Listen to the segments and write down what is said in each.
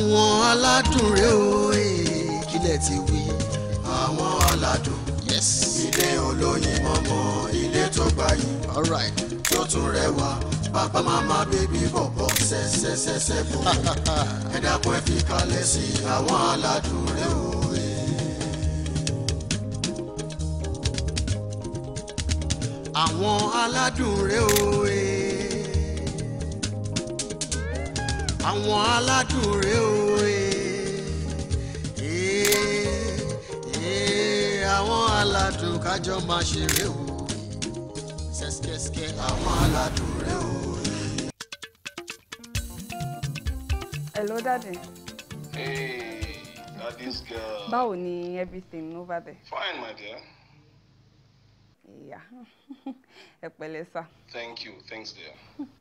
àwọn aládùn rẹ o ìjìnlẹ̀ eh, ti wí. àwọn aládùn. yes. ilé olóyin mọ́mọ́ ilé tó gbayì. tó tún rẹwà papa mama baby bọ̀bọ̀ sẹ́sẹ́sẹ́sẹ́ bò. ẹ dákun ẹ fi kalẹ̀ sí àwọn aládùn rẹ o. Eh. àwọn aládùn rẹ o. Eh. àwọn aládùn òwe eh, eh, eh, àwọn aládùn kájọ máa ṣeré o ṣẹ́ṣkẹ́ṣkẹ́ àwọn aládùn rèé òwe. hello daddy. hey daddy's girl. báwo ni everything over there. fine my dear. ìyá ẹ pẹ̀lẹ́ sá. thank you thanks dear.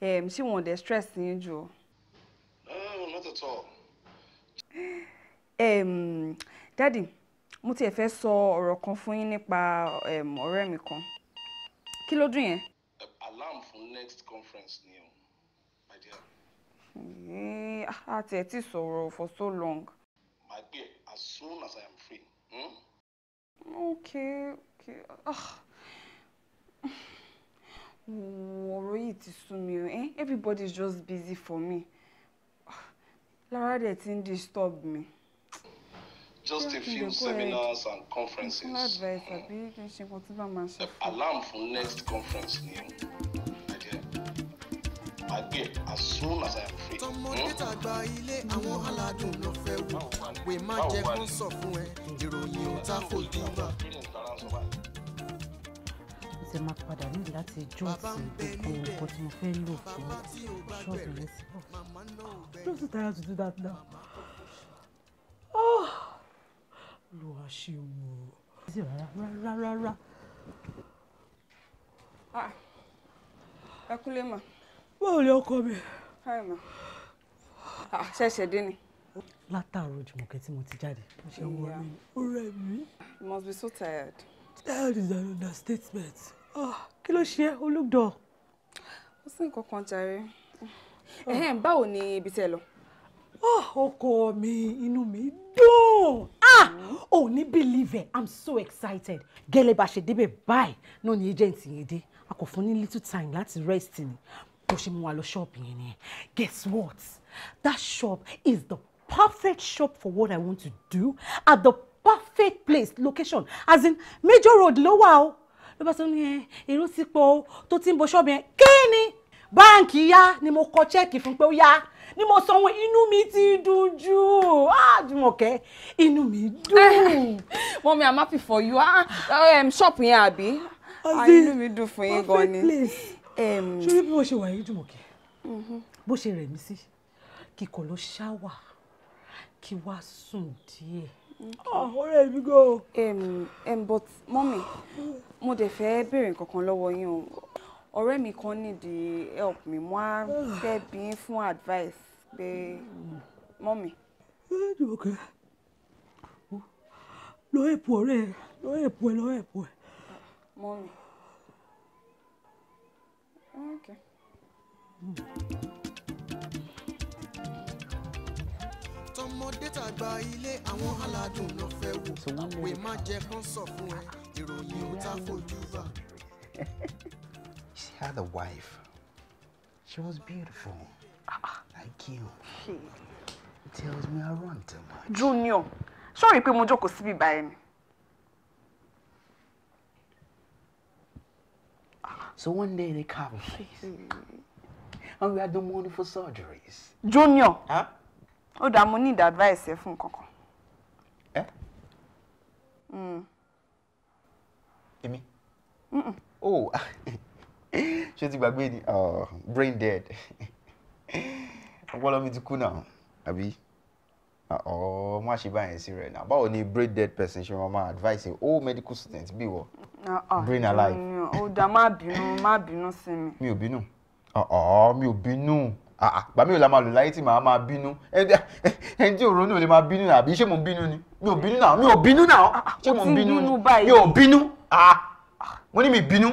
Um, she won't dẹ̀ stress yín jù. no not at all. Um, daddy, mo tiẹ̀ fẹ́ sọ ọ̀rọ̀ kan fún yín nípa ọ̀rẹ́ mi kan kí alarm for next conference ni my dear. Ah, a tiẹ̀ ti sọ̀rọ̀ for so long. My dear, as soon as I am free. Hmm? okay okay. Ugh. Ah ọ̀rọ̀ yìí ti sú mi o eh? everybody is just busy for me lára dẹ̀ ti ń disturb me. just a few seminars and conferences. fún advice àbí kí n ṣe nǹkan tí bá máa ṣe. alarm for next conference ni màá gbé as soon as I am free. tọmọdé hmm? tàgbà ilé àwọn aládùn ló fẹ́ wò wè má jẹ́ kó sọ fún ẹ ìròyìn ò ta kò dìbà ṣe máa padà níbi láti jọ́ọ̀sì gbogbo nǹkan tí mo fẹ́ lò fún ṣọ́ọ̀bù yẹn sí bọ̀. jọ́ọ̀sì tire to do that now. lo àṣewò. ṣe rárá rárá rárá. Ah! ẹ kúlé mà. báwo ni ọkọ mi. káì mà ah, ṣẹ̀ṣẹ̀ dé ni. látàárọ̀ jùmọ̀kẹ́ tí mo ti jáde mo ṣe wọlé ó rẹ̀ mí. you must be so tired. Tired is an understatement. Ah, kí ló ṣe ó look dull. ó sì nǹkan kan jàre ah. báwo ni ibi tẹ lọ. Ah, ọkọ mi inú mi dùn ah ò ní believe it i'm so excited gẹ́lẹ́ bá ṣe débẹ̀ báyìí náà ni agent yẹn dé a kò fún ní little time láti rest ni bó ṣe mú wa lọ ṣọ́ọ̀bù yẹn nìyẹn guess what that shop is the perfect shop for what i want to do at the perfect place location as in major road ló wà o ló bá sọ ní ẹ eh, èrò ti pọ̀ o tó ti ń bo ṣọ́ọ̀bù yẹn kí ni báǹkì yá ni mo kọ chẹ́ẹ̀kì fún pé ó yá ni mo sọ wọn inú mi ti dùn jù àdùnmọ̀kẹ́ inú mi dùn. mọ́mí i'm happy for you ah, ah, um, ṣọ́ọ̀bù yẹn àbí ah, inú mi dùn fún yín gan ni. Um, ṣé bí mo ṣe wà yìí dùnmọ̀kẹ́ mm-hmm. bó ṣe rẹ̀ mí sí kíkọ̀ ló ṣáwà kí wàá sùn díẹ̀ Ah, ọ̀rẹ́ mi go. but mommy, mo dẹ̀ fẹ́ béèrè kankan lọ́wọ́ yín o ọ̀rẹ́ mi kan nídìí help me. mo á fẹ́ bí yín fún advice pé mọ́mì. Eh, Jùmọ̀kẹ́ lọ èpò ọ̀rẹ́ ẹ lọ èpò ẹ lọ èpò ẹ. Okay. Mm. tọmọdé tàgbà ilé àwọn aládùn ló fẹ́ wò wè má jẹ́ kán sọ fún ẹ ìròyìn ò tá fojú bá. She had a wife. She was beautiful. Like you. She tells me I run too much. Junior, sọ́ọ̀rì pé mo jókòó síbí báyìí ni. So one day they come, me. And we had no money for surgeries. Junior. Huh? ó dá mo need advice ẹ fún kankan. ẹ. Hmm. èmi. oh ṣé ti gbàgbé ni oh, brain dead ọpọlọ mi ti kú náà àbí ọ̀ọ́ má ṣe báyẹn sí rẹ̀ náà báwo ni brain dead person ṣe máa máa advice o medical student bí wọ brain alive. ó dá má bínú má bínú sí mi. mi ò bínú ọ̀ọ́ mi ò bínú àgbà mi ò la máa lò láyé tí màá máa bínú ẹni tí òrónú ò lè máa bínú àbí ṣé mo ń bínú ni mi ò bínú náà mi ò bínú náà ah, ah, ṣé mo ń bínú ni mi ò bínú ah, mo ní mi bínú.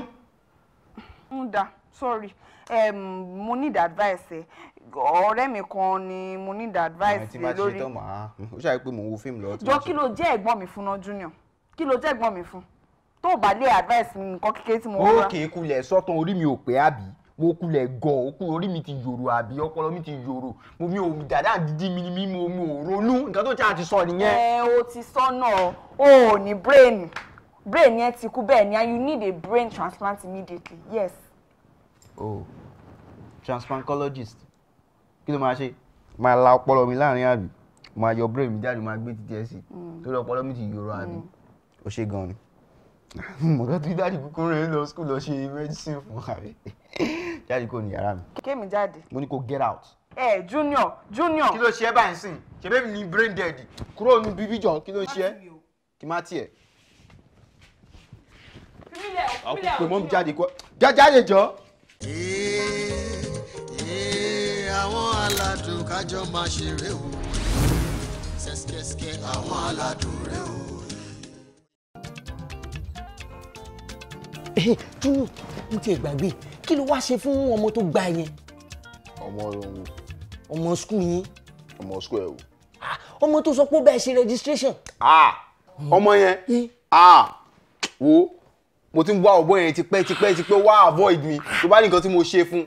ń da sorry um, mo need advice ọ̀rẹ́ mi kan ni mo need advice lórí. tí bá ṣe tán màá ó ṣàyẹ pé mò ń wo fíìmù lọ́wọ́ tí wọ́n ṣe. jọ kí ló jẹ́ ẹ̀gbọ́n mi fún náà junior kí ló jẹ́ ẹ̀gbọ́n mi fún tó o bá lé advice nǹkan kékeré tí mo wá. ó kì í kulẹ̀ sọ́tàn orí mi ò pé àbí mo kulẹ̀ gọ̀ ó kú orí mi ti yòrò àbí ọpọlọ mi ti yòrò mo mi ò dàda dídí mi mi mo mi ronú nǹkan tó ti àti sọ nìyẹn. ẹ o ti sọnà o ò ní brain brain yẹn ti kú bẹ́ẹ̀ ni you need a brain transplant immediately yes. oh transplantologist kí ló máa ṣe máa la ọpọlọ mi láàrin àbí máa yọ brain mi jáde máa gbé títí ẹ sí hmm. torí ọpọlọ mi ti yòrò àbí ó hmm. ṣe gan ni mo lọ ti dáàdi kúkúrú lọ school lọ ṣe medicine fún ààrẹ. jáde kò ní yàrá mi. kémi jáde. mo ní kó get out. ẹ junior junior. kí ló ṣe é báyìí sìn ṣebí mi ní brain dead kúrò ní bíbí jọ kí ló ṣe é kí má tiẹ̀. àwọn kò pè mọ́ mi jáde kó jáde jọ. àwọn aládùn kájọ máa ṣeré o ṣẹ́ṣkẹ́ṣkẹ́ àwọn aládùn rẹ o. junior mo ti gbàgbé kí ló wá ṣe fún ọmọ tó gba yẹn. ọmọ ọhún. ọmọ skul yín. ọmọ skul ẹ o. Ah, ọmọ tó sọ pé ó bẹ́ẹ̀ ṣe registration. Ah, ọmọ yẹn ah, wo mo ti ń wá ọ̀bọ yẹn tipẹ́ tipẹ́ tipẹ́ wá avoid mi tó bá ní nǹkan tí mo ṣe fún.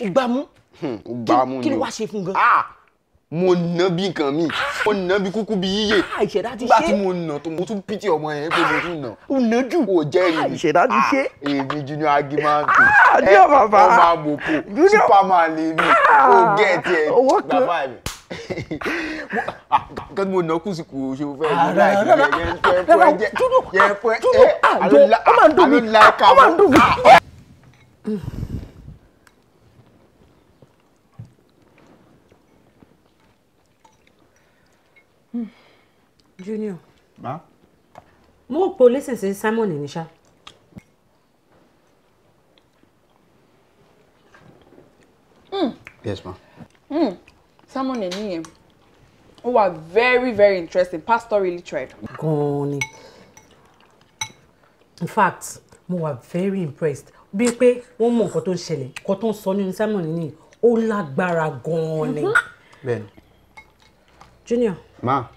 ìgbàmú. ìgbàmú hmm, ni o kí ló wá ṣe fún gan mo nà bí nǹkan mi mo nà bí kúkú bí yíyè ah, nígbà tí mo nà tó mo tún pìtì ọmọ yẹn pé mo tún nà ó nà jù ó jẹ́ èmi ah, ìṣẹ̀dá ti ah, ṣe èmi junior ẹ ọmọ àmọ̀pọ̀ superman lè mi ó gẹ̀ẹ́tì ẹ̀ bàbá mi kan mo nọ kùsì kù ṣe fẹ yìí láì fi yẹ fẹ yẹ fẹ ẹ alo la ẹ alo junior. ma. mo rò pé o simon ní hmm. yes ma. Mm. simon nìyẹn ó wà very very interesting pastor really tried. gan-an ni in fact mo wà very impressed bíi pé wọ́n mọ nǹkan tó ń ṣẹlẹ̀ nǹkan tó ń sọ nínú simon nìyẹn ó lágbára gan-an ni. Mm-hmm. bẹ́ẹ̀ni. junior. ma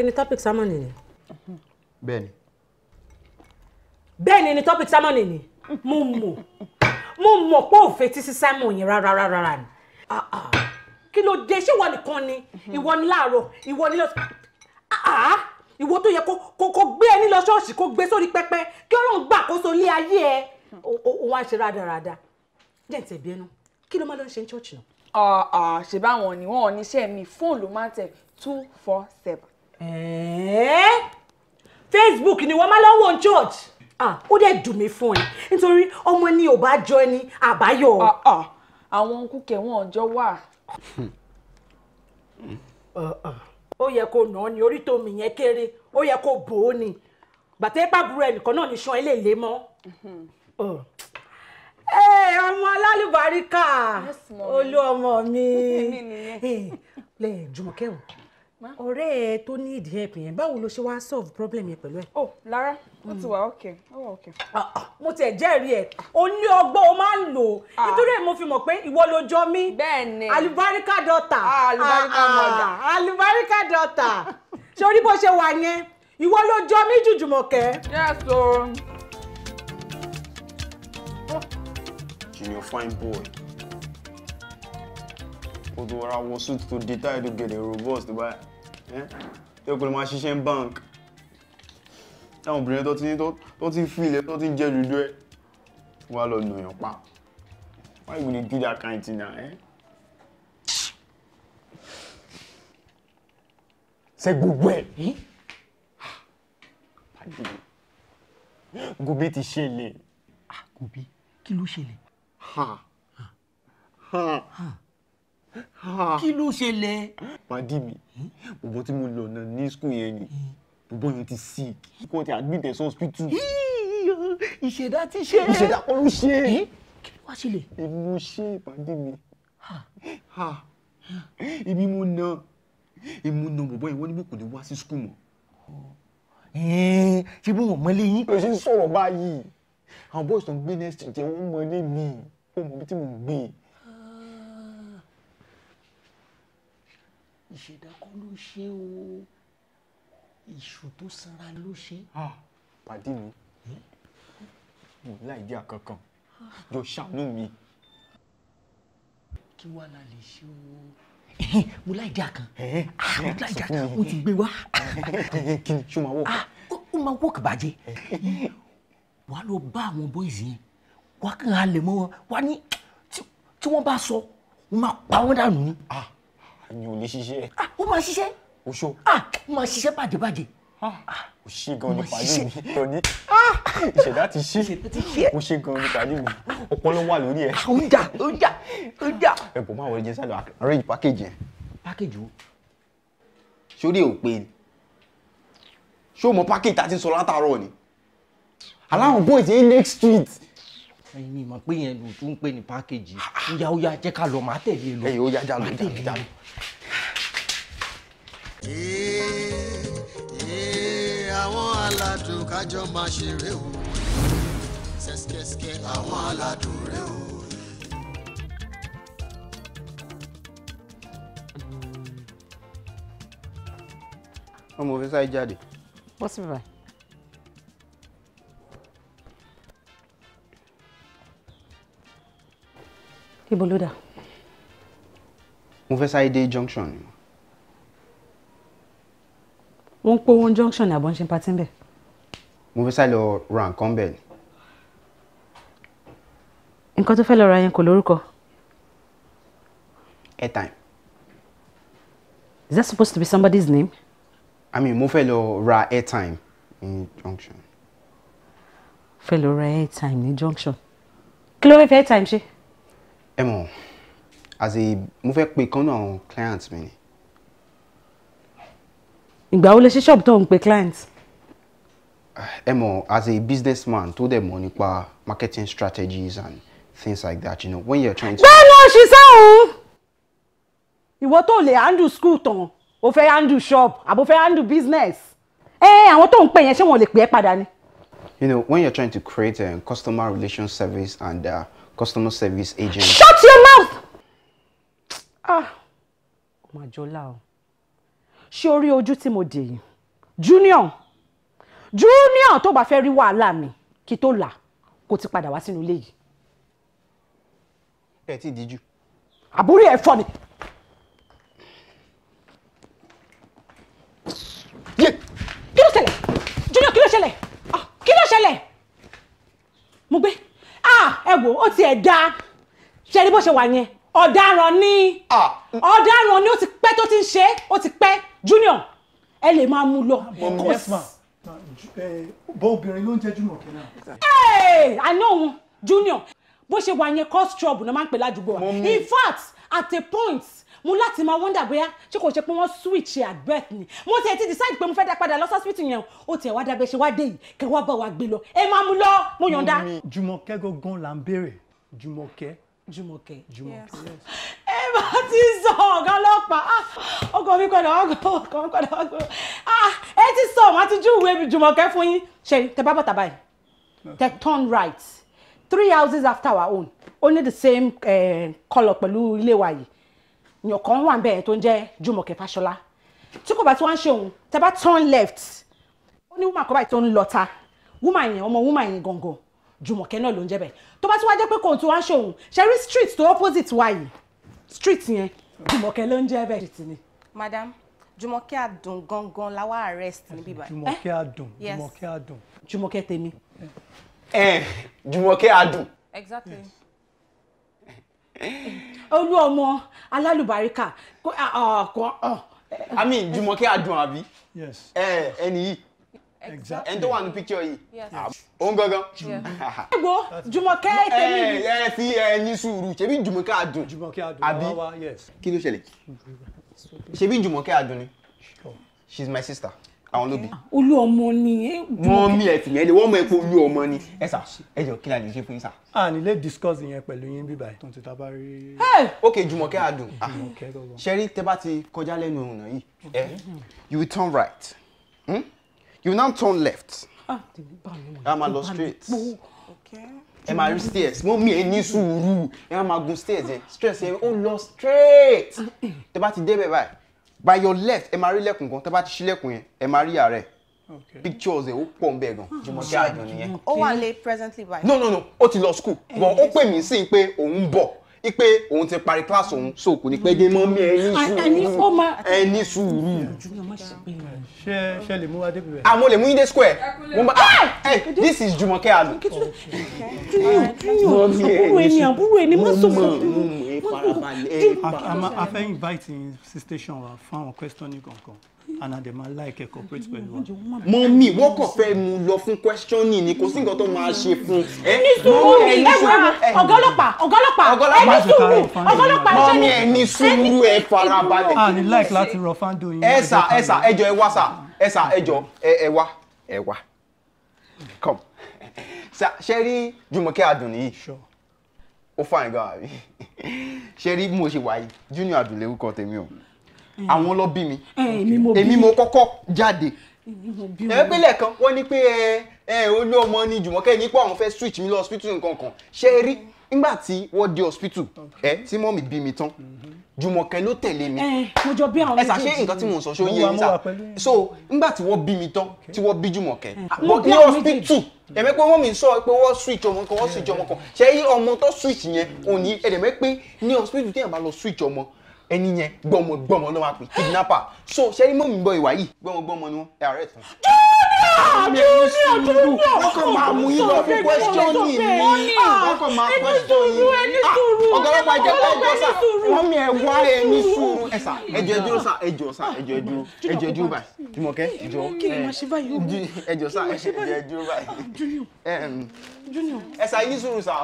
kí ni topic sermon ni. bẹ́ẹ̀ni. bẹ́ẹ̀ni ni topic sermon ni mo mọ̀ mo mọ̀ pé ò fetí sí sermon yẹn rárá rárá ni ah, ah. kí ló dé ṣé ìwọ nìkan ni ìwọ ni láàárọ̀ ìwọ ni lọ́sàn-án ah, ìwọ tó yẹ kó gbé ẹni lọ ṣọ́ọ̀ṣì kó gbé sórí pẹpẹ kí Ọlọ́run gbàkóso lé ayé ẹ òun á ṣe rádaràda jẹ́ ìtẹ̀bí ẹnu kí ló máa lọ ṣe ní ṣọ́ọ̀ṣì náà. ṣe báwọn ni wọn ní iṣẹ́ mi fóònù ló máa ń tẹ̀ two four seven. Eh? Facebook ni wọ́n máa lọ church ah, ó dẹ̀ dùn mí fún ẹ nítorí ọmọ ni ò bá jọ ẹni àbáyọ. Ah, ah, àwọn kúkẹ́ wọn jọ wà. Hmm. ó yẹ kó nà án ni orí tó mi yẹn kéré ó yẹ kó bò ó ni gbàtẹ́ pàbúrò ẹnìkan náà ní sàn ẹ́ lè lé mọ́. ẹ mm-hmm. eh, ọmọ alálùbáríkà olú ọmọ mi eh, lẹ́yìn jùmọ̀kẹ́wọ̀n ọ̀rẹ́ ẹ tó ní ìdí help yẹn báwo ló ṣe wá solve problem yẹn pẹ̀lú ẹ. o oh, Lara ó ti wà hmm. okay ó wà okay. Ah, ah, mo tẹ̀ jẹ́rìí ẹ̀ o ní ọgbọ́n o máa ń lò ó ah. nítorí ẹ̀ mo fi mọ̀ pé ìwọ ló jọ mí bẹ́ẹ̀ni alubarika daughter alubarika mother alubarika daughter sórí bó ṣe wà yẹn ìwọ ló jọ mí jùjùmọ̀kẹ́. yes o. junior fine boy odò ara wọ suit tó dé táyà tó gẹ̀dẹ̀ robust báyìí tó kò máa ṣiṣẹ́ bank táwọn obìnrin tó ti ní tó ti fi ilẹ̀ tó ti jẹ́ dúdú ẹ̀ wá lọ nà yàn pa why you dey do that kind thing na eh? ṣe gbogbo ẹ̀ hm? ah, Gobi ti ṣẹlẹ̀. Ah, Gobi kí ló ṣẹlẹ̀? ha ha ha kí ló ṣẹlẹ̀. pàdí mi bòbó tí mo lọ náà ní skul yẹn ni bòbó yẹn ti sick kí wọ́n ti admit ẹ̀ sí hospital. ìṣẹ̀dá ti ṣe. ìṣẹ̀dá kọ́ ló ṣe. kí ló wá ṣẹlẹ̀. èmi mo ṣe pàdí mi èmi mo na èmi mo na bòbó yẹn wọ́n ní bí kò ní wá sí skul mọ́. ṣé bó wọ́n o yín. èsì sọ̀rọ̀ báyìí àwọn bọ́ọ̀sì tó ń gbé next jẹ́ wọ́n mọ́lé mi ó mọ ibi tí mo ń ìṣẹ̀dá kọ́ ló ṣe o èṣù tó sanra ló ṣe. pàdé mi mo láì dí àkankan jọ ṣàánú mi. kí wàá la lè ṣe o mo láì dí àkan ah, mo láì dí àkan o ti gbé wá. kí ni ṣó máa wọ̀. ó ah, máa wọ̀ kì bàjẹ́ wàá lọ bá àwọn bóyìí yẹn wàá kàn án lè mọ́ wọn wàá ní tí wọ́n bá sọ wọ́n máa pa wọ́n dànù ni. Ah àyàn ò lè ṣiṣẹ́. Ah, ó máa ṣiṣẹ́. oṣó. Ah, ó máa ṣiṣẹ́ bàjẹ́bàjẹ́. Ah, ó ṣe gan ni pàlú mi lọ ní ìṣẹ̀dá ti ṣe ó ṣe gan ni pàlú mi ọpọlọ wà lórí ẹ. ó jà ó jà ó jà. ẹ bọ̀ máa wọlé jẹ sálọ arrange package yẹn. package wo. sórí ò pé ṣé o mọ package tá a ti sọ látàárọ̀ ni. aláwọ̀ boys yẹn next street ẹyin mi mọ̀ pé yẹn ló tún ń pè ní pákéjì ń ya ó ya jẹ́ ká lọ màá tẹ̀lé e lọ. ẹyin ó yá jálò jálò jálò. àwọn aládùn kájọ máa ṣeré o ṣẹ́ṣkẹ́ṣkẹ́ àwọn aládùn rẹ o. ọmọ òfin sáyé jáde. bọ́sibí báyìí. ibo ló dà. mo fẹ́ sáré dé junction ni. wọ́n ń pòwó junction ní àbọ̀nṣe patí ń bẹ̀. mo fẹ́ sáré lọ ra nǹkan bẹ́ẹ̀ ni. nǹkan tó fẹ́ lọ ra yẹn kò lórúkọ. airtime. is that supposed to be somebody's name. I mean mo fẹ́ lọ ra airtime ní junction. fẹ́ lọ ra airtime ní junction kí ló fẹ́ fi airtime ṣe ẹ mọ̀ as a mo fẹ́ pe kan náà client mi ni. ìgbà wo lè ṣe ṣọ́ọ̀bù tó ń pe client. ẹ mọ̀ as a businessman tó dẹ̀ mọ̀ nípa marketing strategies and things like that you know when you're trying to. bẹ́ẹ̀ ni òṣìṣẹ́ òun ìwọ tó lè handle school tán o fẹ́ handle shop àbò fẹ́ handle business ẹ àwọn tó ń pè yẹn ṣé wọn lè pè é padà ni. you know when you're trying to create a customer relation service and. Uh, customer service agent. shut your mouth. ah ọmọ jola. o oju o rí junior junior tó bá fẹ́ rí wàhálà mi kí tó là kó ti padà wá sínú ilé yìí. ti díjú. àbúrò ẹ fọ ni. kí ló junior kí ló ah kí ló ṣẹlẹ̀ mo gbé. Ah, ẹ wò ó ti ẹ̀ da ṣe ni bó ṣe wà yẹn ọ̀daràn ni ah. ọ̀daràn ni ó ti pẹ́ tó ti ń ṣe ó ti pẹ́ junior ẹ lè máa mú lọ. Eh, bọ́ obìnrin ló ń jẹ́ junior kẹ́nà. ẹ àná òun junior bó ṣe wà yẹn cause trouble náà máa ń pè ládùúgbò wa in fact at a point mo láti máa wonder bóyá ṣé kò ṣe pé wọ́n switch at birth ni mo tiẹ̀ ti decide pé mo fẹ́ dá padà lọ sọ́sibítù yẹn o tiẹ̀ wá dábẹ́ ṣe wá dé yìí kẹ́ wá bá wa gbé lọ ẹ máa mú lọ mo yọ̀ǹda. jùmọ̀kẹ́ gangan là ń béèrè jùmọ̀kẹ́ jùmọ̀kẹ́ jùmọ̀kẹ́. ẹ máa ti sọ ọ̀gá ọlọ́pàá ah, ọkọ mi padà wá mi padà wá ah, ẹ ti sọ màá ti júwèé jùmọ̀kẹ́ fún yín ṣe tẹ bá bàtà báyìí tẹ turn right three houses after our own only the same uh, colour pẹ̀lú èèyàn kan wà ń bẹ̀ tó ń jẹ́ Jùmọ̀kẹ́ Fáṣọlá tí kò bá tí wọ́n ṣe òun tẹ́ bá turn left ó ní woman kan báyìí tó ń lọ ta woman yẹn ọmọ woman yẹn gangan Jùmọ̀kẹ́ náà ló ń jẹ́ bẹ̀ tó bá tí wọ́n á pé kò tí wọ́n ṣe òun ṣẹ́rí street tó opposite wa yìí street yẹn Jùmọ̀kẹ́ ló ń jẹ́ bẹ̀. madam jumoke adun gangan la wá arrest níbí báyìí. Jumoke eh? adun. Jumoke Adùn. Jùmọ̀kẹ́ tèmi. ẹ eh, Jùmọ̀kẹ́ exactly. Yes olú ọmọ alálùbáríkà kò i mean Jùmọ̀kẹ́ Adùn àbí ẹni yìí ẹni tó wà ní picture yìí òun gangan. ẹgbọ́ Jùmọ̀kẹ́ tèmi. ẹ ẹ fi ẹni sùúrù ṣebí Jùmọ̀kẹ́ Adùn àbí kí ló ṣẹlẹ̀ ṣebí Jùmọ̀kẹ́ Adùn ni she is my sister àwọn lóbi. Ah, olú ọmọ ni. wọn mi ẹfì yẹn lè wọn mọ ẹ pé olú ọmọ ni ẹ sà ẹ jọ kí ni a lè ṣe fún yín sà. a ní lè discuss yẹn pẹ̀lú yín bíbá ẹ̀ tó ń ti ta bá rí. ok Jùmọ̀kẹ́ Adùn ṣẹ́rí tẹ́ bá ti kọjá lẹ́nu ọ̀nà yìí ẹ eh, you will turn right hmm? you will now turn left ah, ẹ máa lọ straight ẹ máa rí stairs mo mi ẹ ní sùúrù ẹ máa gun stairs yẹn stress yẹn ó lọ straight ah, eh. tẹ́ bá ti débẹ̀ báyìí by your left ẹ máa rí lẹ́kùn kan tẹ́ bá ti ṣílẹ̀kùn yẹn ẹ máa rí ààrẹ pictures ẹ ó pọ̀ ń bẹ̀ gan jùmọ̀kẹ́ àjọ nìyẹn. ó wà lé presently by. no no no ó ti lọ school but ó pè mí sí i pé òun bọ̀ ipe òun ti parí kíláàsì òun so kò ní pẹ́ dé mọ́ mi ẹni sùúrù ẹni sùúrù. ṣé ṣe lè mú wa débi rẹ. àmọ́ lè mú yín square mo ma ẹ ah, this is Jùmọ̀kẹ́ àlò. júnior júnior àbúrò ẹni àbúrò ẹni má sọ̀rọ̀ farabalẹ̀ ipa. a fẹ́ invite yín sí station wa fún àwọn question ní kankan and àdè máa like cooperate pẹ̀lú wa. mọ́mí wọ́n kàn fẹ́ mu lọ fún questioning ni kò sí nǹkan tó máa ṣe fún. ẹ ní sùúrù ẹ ní sùúrù ọ̀gá ọlọ́pàá ọ̀gá ọlọ́pàá ẹ ní sùúrù ọ̀gá ọlọ́pàá ṣe ni. mọ́mí ẹ ní sùúrù ẹ farabalẹ̀. a ah, ní like láti rọ fáńdò yín. ẹ sà ẹ sà ẹ jọ ẹ wá sà ẹ sà ẹ jọ ẹ wá ẹ wá come ṣe rí Jùmọ̀kẹ́ Adùnní yìí. sure ó fàìn gan àbí ṣe rí bí mo ṣe wáyé junior adùnlé orúkọ tèmi o àwọn ló bí mi eh, èmi mo kọ́kọ́ jáde ẹ pé lẹ́ẹ̀kan wọ́n ní pé ẹ eh, ẹ eh, olú ọmọ ni jùmọ̀kẹ́ ní pé àwọn fẹ́ switch mi lọ hospital nǹkan kan ṣe rí nígbà ti wo di hospital ẹ tí mọ́mì bí mi tán mm-hmm. jùmọ̀kẹ́ ló tẹ̀lé mi eh, mo jọ bí àwọn méjèèjì ẹ ṣàṣe nǹkan tí mò ń sọ ṣó so nígbà ti wo bí mi tán tí wọ́n bí jùmọ̀kẹ́ but di hospital ẹ̀mẹ́ pé wọ́n mi sọ pé wọ́n switch ọmọ kan wọ́n eh, switch ọmọ eh. kan ṣe yí ọmọ tó switch yẹn òní ẹ̀dẹ̀mẹ́ pé ní hospital tí yẹn bá lọ switch ọmọ ẹni yẹn gbọmọgbọmọ ló máa pè kidnapper so ṣe yí mọ́mì bọ ìwà yìí gbọmọgbọmọ ni wọ́n ẹ̀ arrest mi ò ní sùúrù wọ́n kàn máa mú yín lọ fún kwẹ́sítíọ́nì mi ah, wọ́n kàn máa kwẹ́sítíọ́nì mi ah, ọ̀gá ọlọ́pàá ìjẹ́ pé ẹjọ́ sà wọ́n mi ẹ̀ wá ẹ̀ ní sùúrù ẹ̀ sà ẹjọ́ ẹdúró sà ẹjọ́ sà ẹjọ́ ẹdúró ẹjọ́ ẹdúró báyìí Jùmọ̀kẹ́ ẹjọ́ ẹjọ́ sà ẹjọ́ ẹdúró báyìí ẹ sà yín sùúrù sà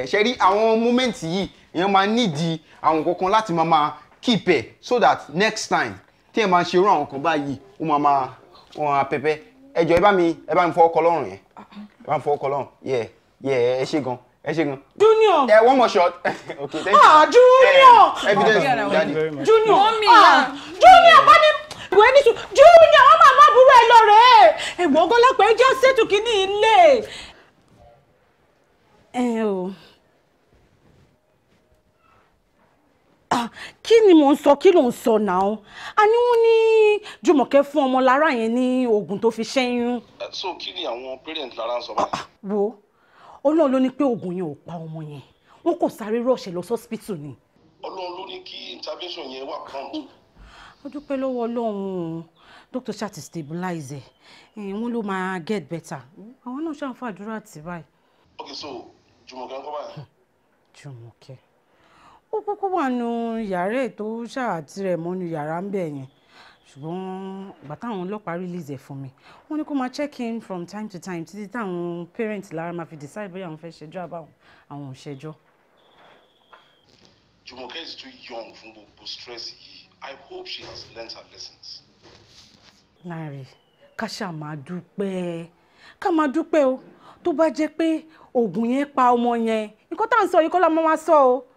ẹ ṣe rí àwọn mómẹ́ǹtì yìí èèyàn máa nídìí àwọn kankan láti máa máa keep ẹ so that next time tí ẹ máa ṣe irú àwọn kan báyìí ó máa máa wọn apẹpẹ ẹ jọ̀ọ́ ẹ bá mi ẹ bá mi fọ ọkọ lọ́rùn yẹn ẹ bá mi fọ ọkọ lọ́rùn yẹ yẹ ẹ gan ẹ ṣe gan. junior ẹ one more shot okay thank you. ah junior evidence daddy junior ah junior bá ní mò ń sọ kí ló ń sọ náà a ní wọn ní Jùmọ̀kẹ́ fún ọmọ lára yẹn ní oògùn tó fi ṣẹ́yún. Eh, so kí ni àwọn parents lára ń sọ báyìí. Ah, ah, wo ọlọ́run ló ní pé oògùn yẹn ò pa ọmọ yẹn wọn kò sáré rọ̀ṣẹ̀ lọ sọ́sìpìtì ni. ọlọ́run ló ní kí intervention yẹn wà pọ́ǹpù. ó oh, dúpẹ́ lọ́wọ́ ọlọ́run doctor ṣá ti stabilize ẹ̀ wọ́n ló máa get better àwọn náà ṣàǹfàdúrà tì báyìí. ok so Jùmọ̀kẹ́ ń kọ́ báyìí. Jùmọ̀kẹ́ ó kúkú wà nù yàrá ètò ṣáàtì rẹ̀ mọ́nu yàrá ń bẹ̀ yẹn ṣùgbọ́n ìgbà táwọn ọlọ́pàá release ẹ̀ fún mi wọ́n ní kó máa check in from time to time títí táwọn parent lára máa fi decide bóyá àwọn fẹ́ ṣẹjọ́ àbáwọn àwọn ò ṣẹjọ́. Jumoke is too young fún gbogbo stress yìí I hope she has learnt her lessons. Láàrin ká ṣáà máa dúpẹ́ ká máa dúpẹ́ o tó bá jẹ́ pé oògùn yẹn pa ọmọ yẹn nǹkan tá à ń sọ yìí kọ́ la máa wá sọ o.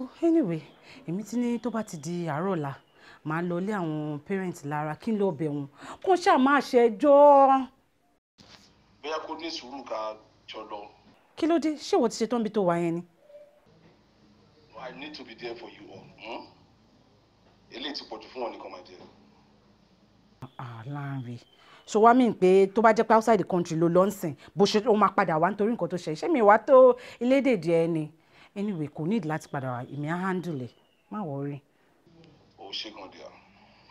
Oh, anyway èmi ti ní tó bá ti di àárọ̀ ọ̀la màá lọ lé àwọn parent lára kí n lọ bẹ̀ wọ́n kó ṣáà máa ṣẹjọ́. bóyá kó ní sùúrù ká jọ kí ló dé ṣé ìwọ ti ṣe tán bí tó wà yẹn ni. I need to be there for you all. Hmm? eléyìí ti pọ̀jù fún wọn nìkan máa jẹ. láàrin so wá mí pé tó bá jẹ́ pé outside the country ló lọ́nsìn bó ṣe ó máa padà wá nítorí nǹkan tó ṣe iṣẹ́ mi wá tó ilédèdè ẹni anyway kò need láti padà wá èmi á handle ẹ̀ má wọrí. o ṣe gan dia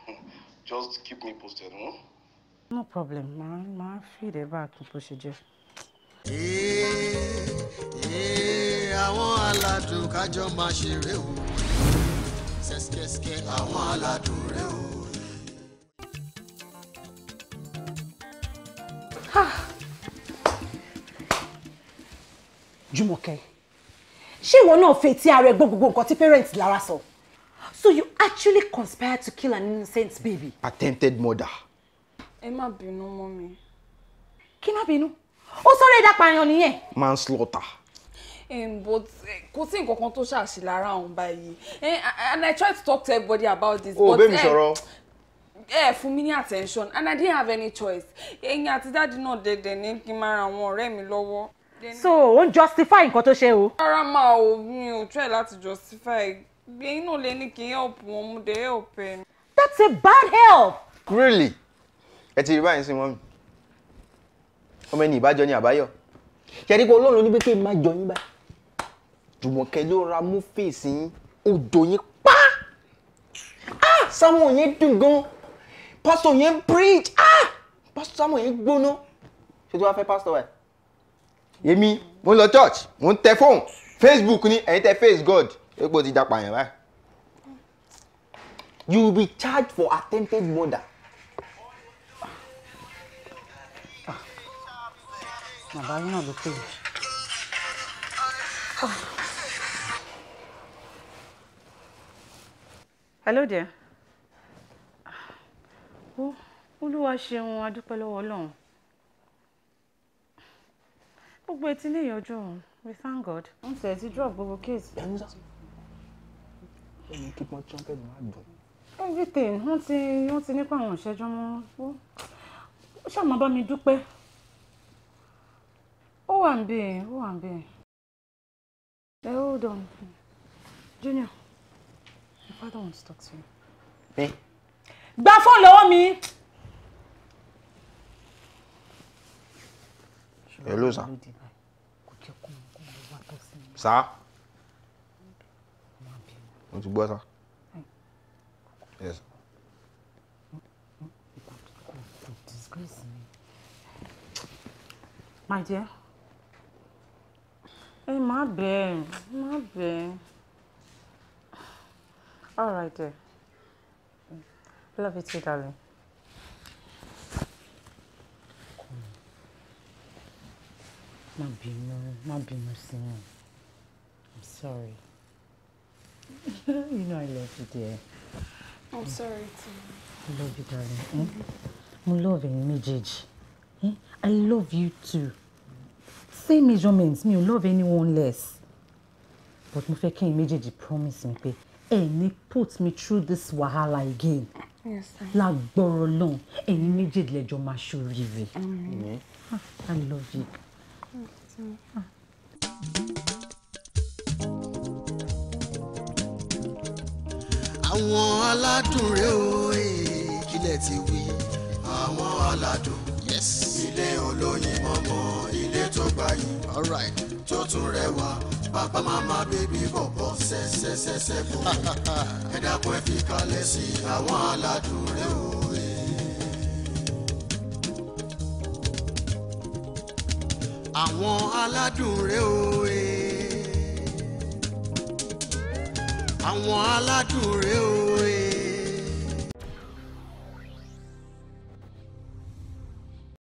just keep me posted. Hmm? no problem màá màá feed ẹ back bó ṣe jẹ. àwọn aládùn kájọ máa ṣeré o ṣẹ́ṣkẹ́ṣkẹ́ àwọn aládùn rẹ o. okay? ṣé ìwọ náà fetí ara ẹ gbọ́ gbogbo nǹkan tí parents Lara sọ so you actually conspired to kill an innocent baby. attempted murder. ẹ má bínú mọ́ mi. kí má bínú ó sọ̀rọ̀ ẹ̀dá pààyàn nìyẹn. manslaughter. Um, but eh, kò sí nǹkan kan tó ṣàṣì lára òun báyìí eh, and I tried to talk to everybody about this. o oh, bẹ́ẹ̀ mi eh, sọ̀rọ̀ ẹ fún mi ní attention and I didn't have any choice ẹ̀yin àti dáàdi náà dẹ̀dẹ̀ ní kí n máa ra àwọn ọ̀rẹ́ mi lọ́wọ́ so ó ń justify nǹkan tó ṣe o. rárá máa o mi ò try láti justify gbẹ̀yìn náà lè ní kí n help wọn mo dé help ẹ. that's a bad help. really ẹ ti rí báyìí sí mọ́mí ọmọ ẹni ìbájọ ni àbáyọ ṣẹ́ni pé Ọlọ́run ní pé kí n má jọ yín báyìí Jùmọ̀kẹ́ ló ra mú fèsì yín odò yín pa ah! sáwọn yẹn dùn gan pásítọ̀ yẹn bridge pásítọ̀ sáwọn yẹn gbóná ṣètò wá fẹ́ pásítọ̀ wáyé èmi mo ń lọ church mo ń tẹ fóònù facebook ni ẹ̀yin tẹ face god epo ti dapò àyàn báyìí. you will be charged for attempted murder. bàbá yín náà ló pè é. hello there. olúwa ṣeun adúpẹ́ lọ́wọ́ ọlọ́run gbogbo etí ní ìyọjú ọ̀hún we thank God. wọ́n sì ẹ̀ ti drop gbogbo case. ẹnza kí wọ́n trumpet máa dùn. everything wọ́n ti wọ́n ti nípa àwọn ìṣẹ́jú mọ́ ó ṣàmọ́ bá mi dúpẹ́ ó wà ń bẹ̀ ó wà ń bẹ̀ ẹ hold on Junior my father wants to talk to you. bẹ́ẹ̀. gba fóònù lọ́wọ́ mi. hello sir. sir. mo ti gbọ́ sir. yes. my dear hey, my babe, my babe. all right there love you too darling. má bínú má bínú sí i'm sorry you know i love you dear. i'm sorry too. i love you darling. Mm -hmm. mo love ẹ̀yin méjèèjì eh? i love you too same measurements. Me ò love anyone less but mo fẹ́ kẹ́yin méjèèjì promise mi pé ẹni put me through this wahala again. Yes, lágbọ́rọ̀ lọ́n ẹ̀yin méjèèjì lẹ́jọ́ máa ṣoríire. Ah, I love you. 음, 아. àwọn aládùn rẹ o ìkìlẹ̀ eh, ti wí. àwọn aládùn. yes. ilé olóyin mọ́mọ́ ilé tó gbayì. all right. tó tún rẹwà bàbá màmá bèbí bọ̀bọ̀ sẹ́sẹ́sẹ́sẹ́ fún mi. ẹ dákun ẹ fi kalẹ̀ sí àwọn aládùn rẹ o. àwọn aládùn rè òye àwọn aládùn rè òye.